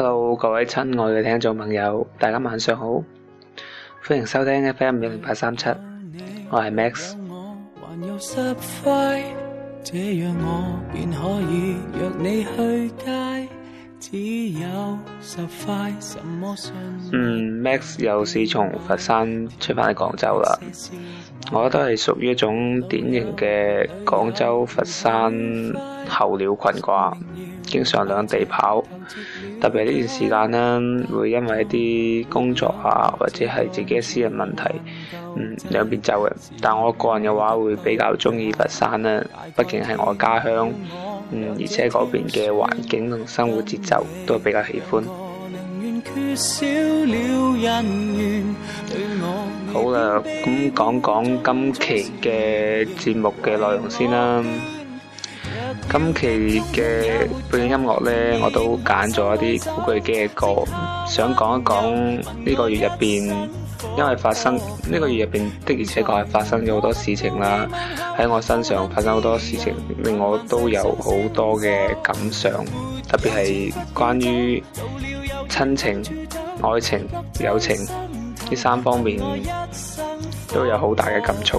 hello，各位親愛嘅聽眾朋友，大家晚上好，歡迎收聽 FM 一零八三七，我係 Max。還有十塊，這樣我便可以約你去街。只有十塊。嗯，Max 又試從佛山出返嚟廣州啦，我覺得係屬於一種典型嘅廣州佛山候鳥群啩。經常兩地跑，特別呢段時間呢，會因為一啲工作啊，或者係自己嘅私人問題，嗯，兩邊走嘅。但我個人嘅話，會比較中意佛山咧，啊，畢竟係我家鄉，嗯，而且嗰邊嘅環境同生活節奏都比較喜歡。好啦，咁講講今期嘅節目嘅內容先啦。今期嘅背景音樂呢，我都揀咗一啲古巨基嘅歌，想講一講呢個月入邊，因為發生呢、呢個月入邊的而且確係發生咗好多事情啦，喺我身上發生好多事情，令我都有好多嘅感想，特別係關於親情、愛情、友情呢三方面都有好大嘅感觸。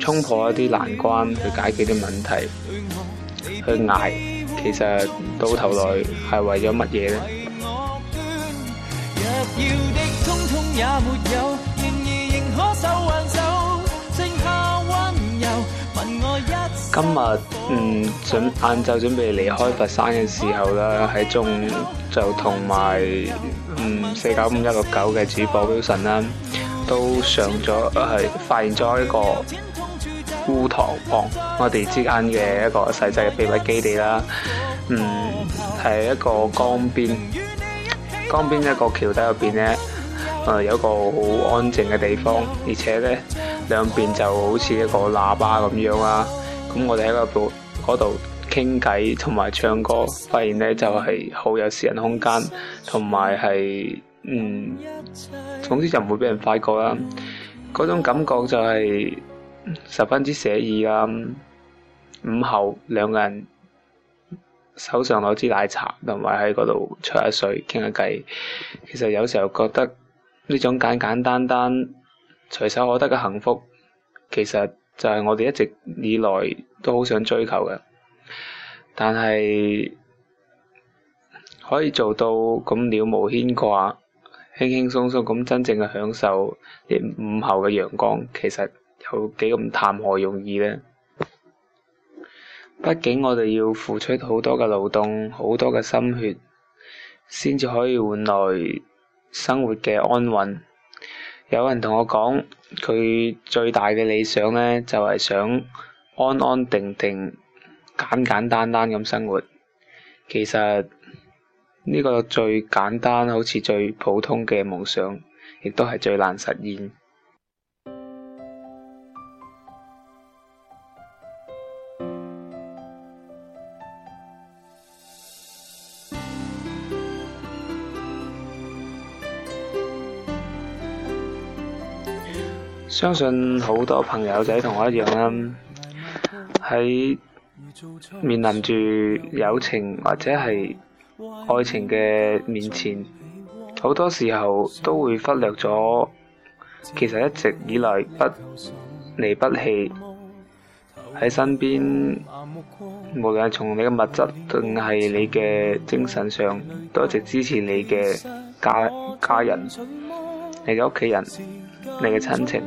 衝破一啲難關去解決啲問題，去捱，其實到頭來係為咗乜嘢呢？今日嗯準晏晝準備離開佛山嘅時候啦，喺中就同埋嗯四九五一六九嘅主播表神啦，都上咗係發現咗一個。烏塘旁，我哋之間嘅一個細細嘅秘密基地啦。嗯，係一個江邊，江邊一個橋底入邊咧，誒，有個好安靜嘅地方，而且咧，兩邊就好似一個喇叭咁樣啦。咁我哋喺個度嗰度傾偈同埋唱歌，發現咧就係好有私人空間，同埋係嗯，總之就唔會俾人發覺啦。嗰種感覺就係。十分之寫意啊、嗯。午後兩個人手上攞支奶茶，同埋喺嗰度吹下水傾下偈。其實有時候覺得呢種簡簡單單、隨手可得嘅幸福，其實就係我哋一直以來都好想追求嘅。但係可以做到咁了無牽掛、輕輕鬆鬆咁真正嘅享受午後嘅陽光，其實～好幾咁談何容易呢？畢竟我哋要付出好多嘅勞動，好多嘅心血，先至可以換來生活嘅安穩。有人同我講，佢最大嘅理想呢，就係想安安定定、簡簡單單咁生活。其實，呢個最簡單、好似最普通嘅夢想，亦都係最難實現。相信好多朋友仔同我一樣啦，喺面臨住友情或者係愛情嘅面前，好多時候都會忽略咗，其實一直以來不離不棄，喺身邊，無論係從你嘅物質定係你嘅精神上，都一直支持你嘅家家人、你嘅屋企人、你嘅親情。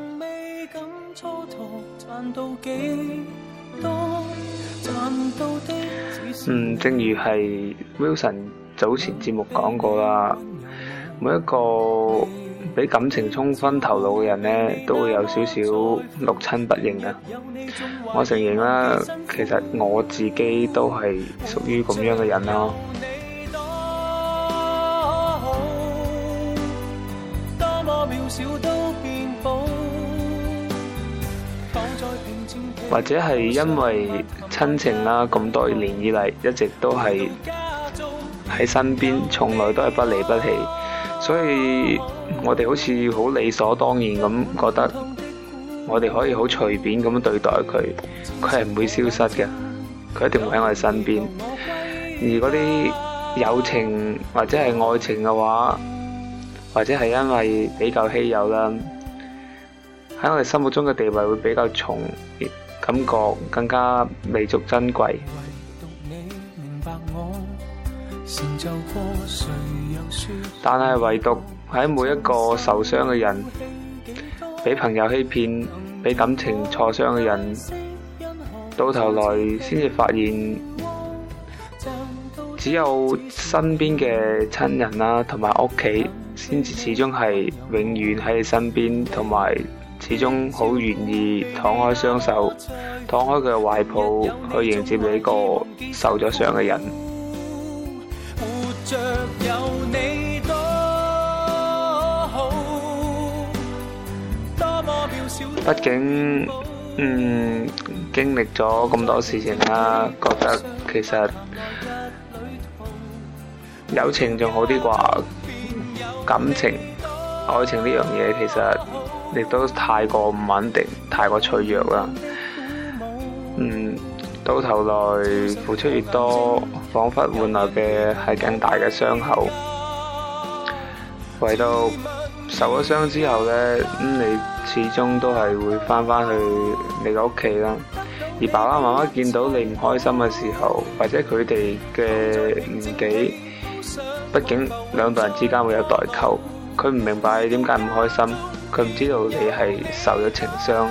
嗯，正如係 Wilson 早前節目講過啦，每一個俾感情沖昏頭腦嘅人呢，都會有少少六親不認嘅。我承認啦，其實我自己都係屬於咁樣嘅人咯。或者係因為親情啦，咁多年以嚟一直都係喺身邊，從來都係不離不棄，所以我哋好似好理所當然咁覺得，我哋可以好隨便咁樣對待佢，佢係唔會消失嘅，佢一定會喺我哋身邊。而嗰啲友情或者係愛情嘅話，或者係因為比較稀有啦。喺我哋心目中嘅地位會比較重，感覺更加彌足珍貴。但係唯獨喺每一個受傷嘅人，俾朋友欺騙、俾感情挫傷嘅人，到頭來先至發現，只有身邊嘅親人啦，同埋屋企，先至始終係永遠喺你身邊，同埋。始終好願意敞開雙手，敞開佢嘅懷抱去迎接呢個受咗傷嘅人。畢竟，嗯，經歷咗咁多事情啦，覺得其實友情仲好啲啩，感情、愛情呢樣嘢其實。亦都太過唔穩定，太過脆弱啦。嗯，到頭來付出越多，仿佛換來嘅係更大嘅傷口。唯到受咗傷之後呢，嗯，你始終都係會翻翻去你個屋企啦。而爸爸媽媽見到你唔開心嘅時候，或者佢哋嘅年紀，畢竟兩代人之間會有代溝，佢唔明白點解唔開心。佢唔知道你係受咗情傷，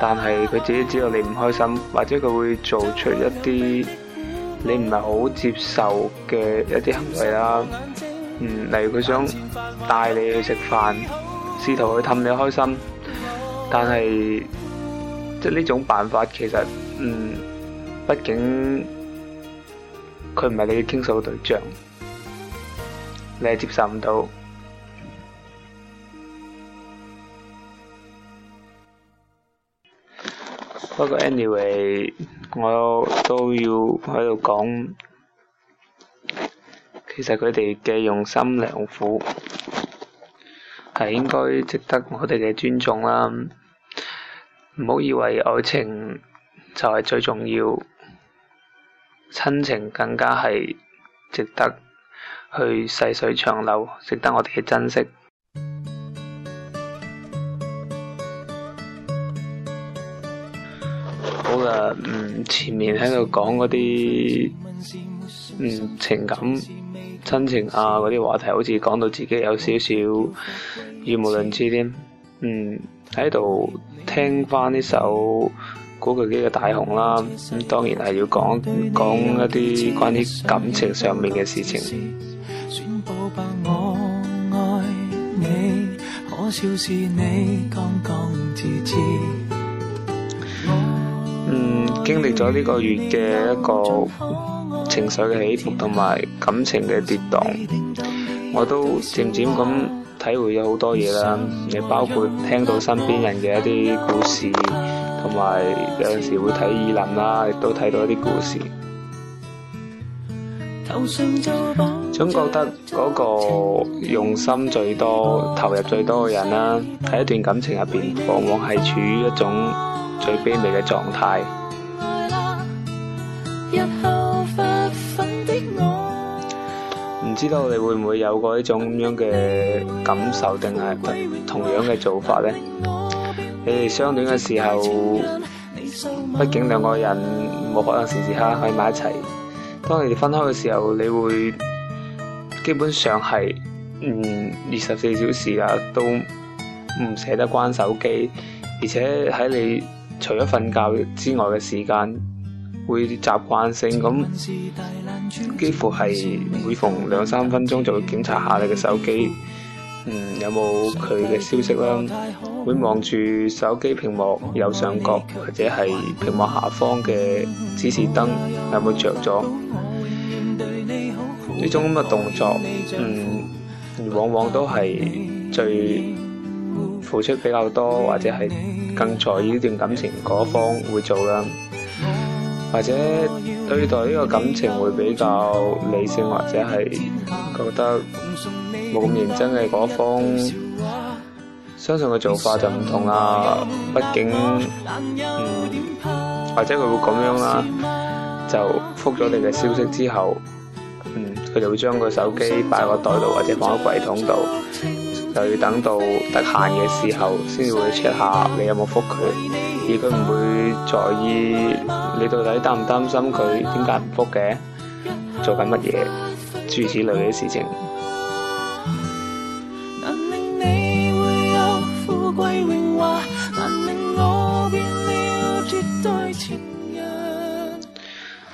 但係佢自己知道你唔開心，或者佢會做出一啲你唔係好接受嘅一啲行為啦。嗯，例如佢想帶你去食飯，試圖去氹你開心，但係即係呢種辦法其實，嗯，畢竟佢唔係你嘅傾訴對象，你係接受唔到。不過，anyway，我都要喺度講，其實佢哋嘅用心良苦係應該值得我哋嘅尊重啦。唔好以為愛情就係最重要，親情更加係值得去細水長流，值得我哋嘅珍惜。嗯，前面喺度講嗰啲嗯情感、親情啊嗰啲話題，好似講到自己有少少語無倫次添。嗯，喺度聽翻呢首古巨基嘅《大雄》啦，咁當然係要講講一啲關於感情上面嘅事情。愛你，可笑是嗯，經歷咗呢個月嘅一個情緒嘅起伏同埋感情嘅跌宕，我都漸漸咁體會咗好多嘢啦。你包括聽到身邊人嘅一啲故事，同埋有陣時會睇意林啦，亦都睇到一啲故事。總覺得嗰個用心最多、投入最多嘅人啦，喺一段感情入邊，往往係處於一種。最卑微嘅狀態。唔知道你會唔會有過呢種噉樣嘅感受，定係同樣嘅做法咧？你哋相戀嘅時候，畢竟兩個人冇可能時時刻刻喺埋一齊。當你哋分開嘅時候，你會基本上係嗯二十四小時啊，都唔捨得關手機，而且喺你。除咗瞓覺之外嘅時間，會習慣性咁，幾乎係每逢兩三分鐘就會檢查下你嘅手機，嗯，有冇佢嘅消息啦，會望住手機屏幕右上角或者係屏幕下方嘅指示燈有冇着咗，呢種咁嘅動作，嗯，往往都係最付出比較多或者係更在意呢段感情嗰方會做啦，或者對待呢個感情會比較理性或者係覺得冇咁認真嘅嗰方，相信嘅做法就唔同啦。畢竟，嗯，或者佢會咁樣啦，就覆咗你嘅消息之後，嗯，佢就會將個手機擺喺個袋度或者放喺櫃桶度。佢等到得閒嘅時候先會 check 下你有冇覆佢，而佢唔會在意你到底擔唔擔心佢點解唔覆嘅，做緊乜嘢、諸如此類嘅事情。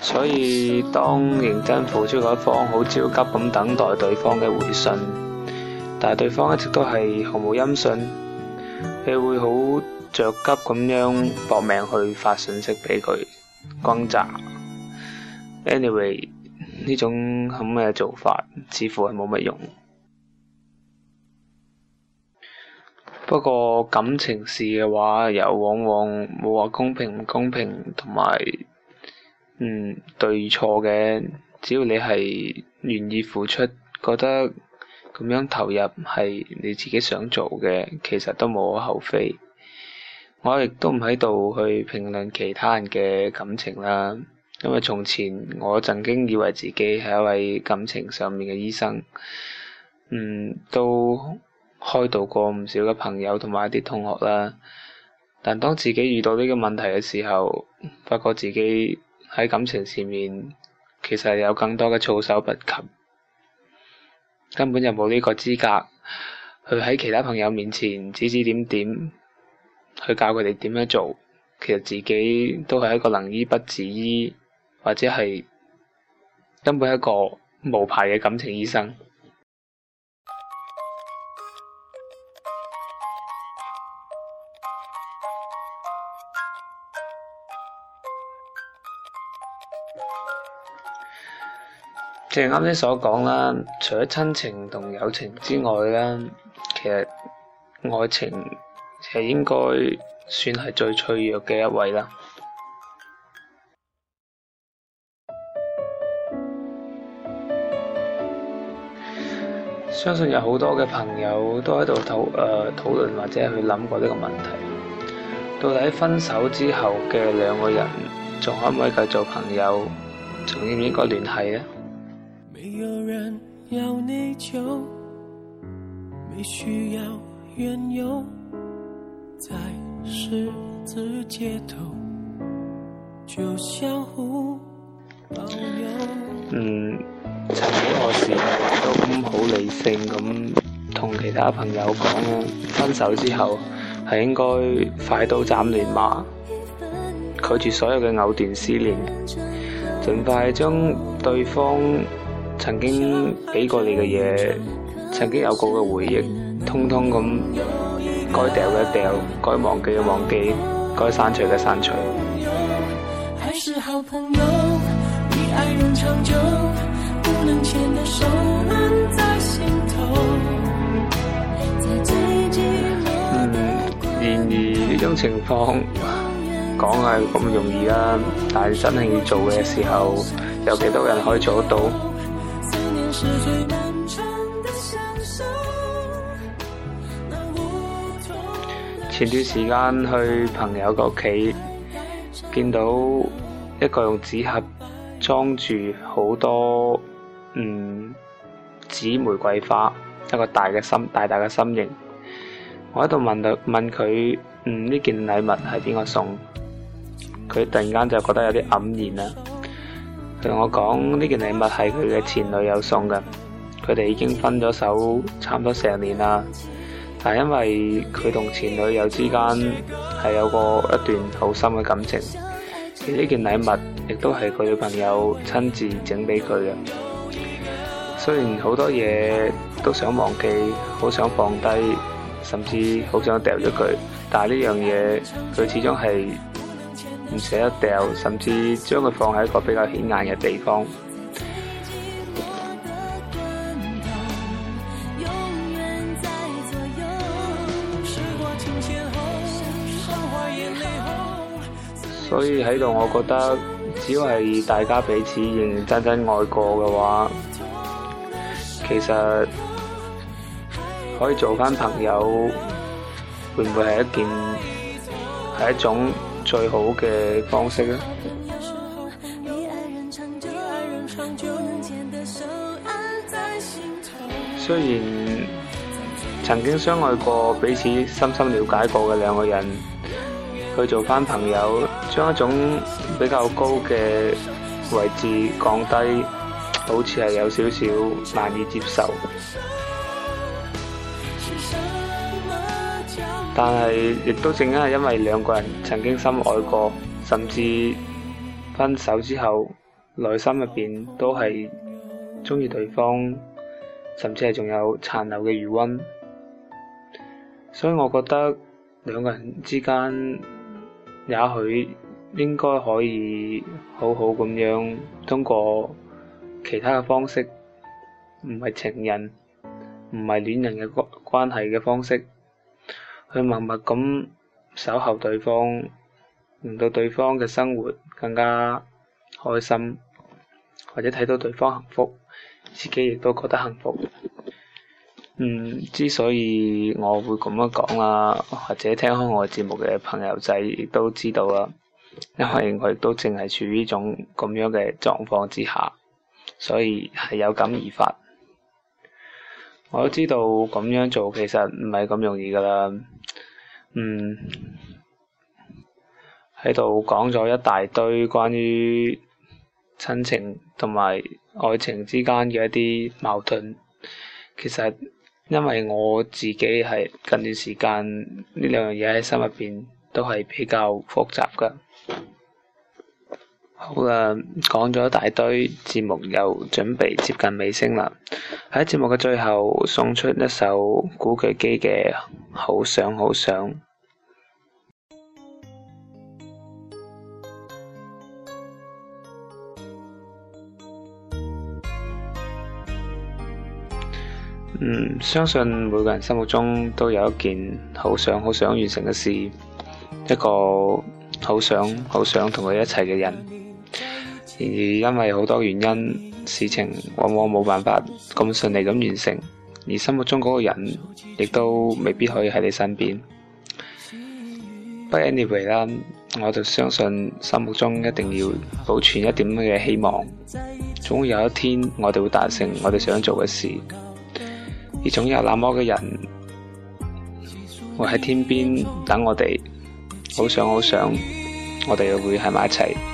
所以當認真付出嗰一方好焦急咁等待對方嘅回信。但係對方一直都係毫無音訊，你會好着急咁樣搏命去發信息畀佢，轟炸。Anyway 呢種咁嘅做法似乎係冇乜用。不過感情事嘅話，又往往冇話公平唔公平，同埋，嗯，對錯嘅，只要你係願意付出，覺得。咁樣投入係你自己想做嘅，其實都無可厚非。我亦都唔喺度去評論其他人嘅感情啦，因為從前我曾經以為自己係一位感情上面嘅醫生，嗯，都開導過唔少嘅朋友同埋一啲同學啦。但當自己遇到呢個問題嘅時候，發覺自己喺感情上面其實有更多嘅措手不及。根本就冇呢個資格去喺其他朋友面前指指點點去教佢哋點樣做。其實自己都係一個能醫不自醫或者係根本一個無牌嘅感情醫生。正如啱先所講啦，除咗親情同友情之外啦，其實愛情係應該算係最脆弱嘅一位啦。 相信有好多嘅朋友都喺度討誒、呃、討論或者去諗過呢個問題：到底分手之後嘅兩個人仲可唔可以繼續做朋友，仲應唔應該聯繫咧？你，就需要緣由。在十字街頭。嗯，曾經我試過都唔好理性咁同其他朋友講，分手之後係應該快刀斬亂麻，拒絕所有嘅藕斷絲連，盡快將對方。曾經俾過你嘅嘢，曾經有過嘅回憶，通通咁該掉嘅掉，該忘記嘅忘記，該刪除嘅刪除。嗯，然而呢種情況講係咁容易啦啊，但係真係要做嘅時候，有幾多人可以做得到？前段時間去朋友個屋企，見到一個用紙盒裝住好多嗯紙玫瑰花，一個大嘅心，大大嘅心形。我喺度問佢，問佢嗯呢件禮物係邊個送？佢突然間就覺得有啲黯然啦。同我講呢件禮物係佢嘅前女友送嘅，佢哋已經分咗手差唔多成年啦。但係因為佢同前女友之間係有過一段好深嘅感情，而呢件禮物亦都係佢女朋友親自整俾佢嘅。雖然好多嘢,都想忘記，好想放低，甚至好想掉咗佢，但係呢樣嘢佢始終係。唔捨得掉，甚至將佢放喺一個比較顯眼嘅地方。 所以喺度，我覺得只要係大家彼此認認真真愛過嘅話，其實可以做返朋友，會唔會係一件，係一種？最好嘅方式咧。嗯、雖然曾經相愛過，彼此深深瞭解過嘅兩個人，去做返朋友，將一種比較高嘅位置降低，好似係有少少難以接受。但係，亦都正因係因為兩個人曾經深愛過，甚至分手之後，內心入邊都係中意對方，甚至係仲有殘留嘅餘溫，所以我覺得兩個人之間，也許應該可以好好咁樣通過其他嘅方式，唔係情人、唔係戀人嘅關關係嘅方式。佢默默咁守候對方，令到對方嘅生活更加開心，或者睇到對方幸福，自己亦都覺得幸福。嗯，之所以我會咁樣講啦，或者聽開我節目嘅朋友仔都知道啦，因為我亦都淨係處於種咁樣嘅狀況之下，所以係有感而發。我都知道咁樣做其實唔係咁容易㗎喇。嗯，喺度講咗一大堆關於親情同埋愛情之間嘅一啲矛盾。其實因為我自己係近段時間呢兩樣嘢喺心入邊都係比較複雜㗎。好啦，講咗一大堆，節目又準備接近尾聲啦。喺節目嘅最後，送出一首古巨基嘅《好想好想》。嗯，相信每個人心目中都有一件好想好想完成嘅事，一個好想好想同佢一齊嘅人。然而因為好多原因，事情往往冇辦法咁順利咁完成，而心目中嗰個人亦都未必可以喺你身邊。But anyway 啦，我就相信心目中一定要保存一點嘅希望，總會有一天我哋會達成我哋想做嘅事，而總有那麼嘅人會喺天邊等我哋，好想好想我，我哋會喺埋一齊。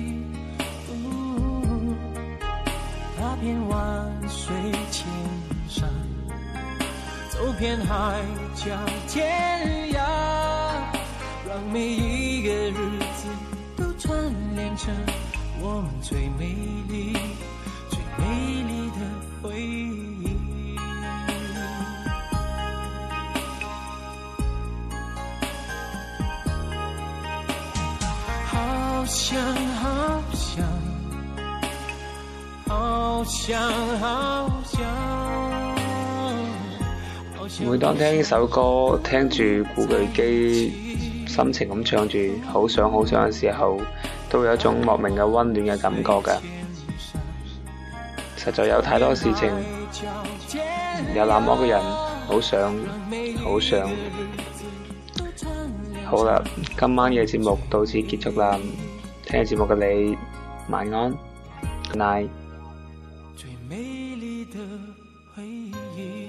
遍萬水千山，走遍海角天涯，讓每一個日子都串聯成我們最美麗、最美麗的回憶。好想好、啊。每當聽呢首歌，聽住古巨基，心情咁唱住《好想好想》嘅時候，都有一種莫名嘅溫暖嘅感覺㗎。實在有太多事情，有那麼嘅人，好想好想。好啦，今晚嘅節目到此結束啦。聽節目嘅你，晚安，Good night。美麗的回憶。